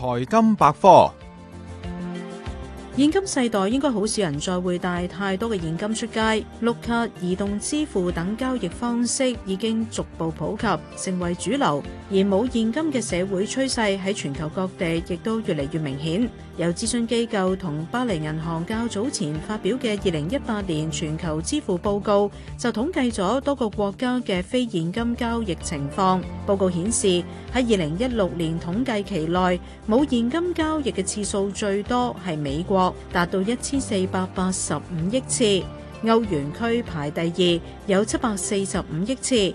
財經百科。現今世代應該好少人再會帶太多嘅現金出街，碌卡、移動支付等交易方式已經逐步普及成為主流，而冇現金嘅社會趨勢喺全球各地亦都越嚟越明顯。由諮詢機構同巴黎銀行較早前發表嘅二零一八年全球支付報告就統計咗多個國家嘅非現金交易情況。報告顯示，喺二零一六年統計期內，冇現金交易嘅次數最多係美國。達到一千四百八十五億次，歐元區排第二，有七百四十五億次。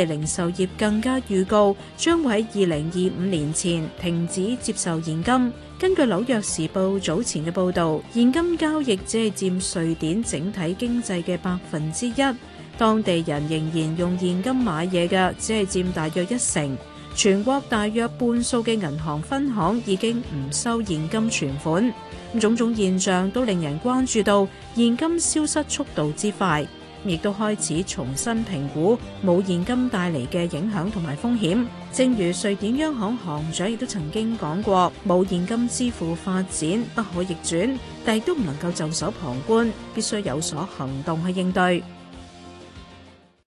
零售業更加預告，將會喺二零二五年前停止接受現金。根據紐約時報早前嘅報導，現金交易只係佔瑞典整體經濟嘅百分之一，當地人仍然用現金買嘢嘅只係佔大約一成。全國大約半數嘅銀行分行已經唔收現金存款。咁種種現象都令人關注到現金消失速度之快。亦都開始重新評估冇現金帶嚟嘅影響同埋風險。正如瑞典央行行長亦都曾經講過，冇現金支付發展不可逆轉，但係都唔能夠袖手旁觀，必須有所行動去應對。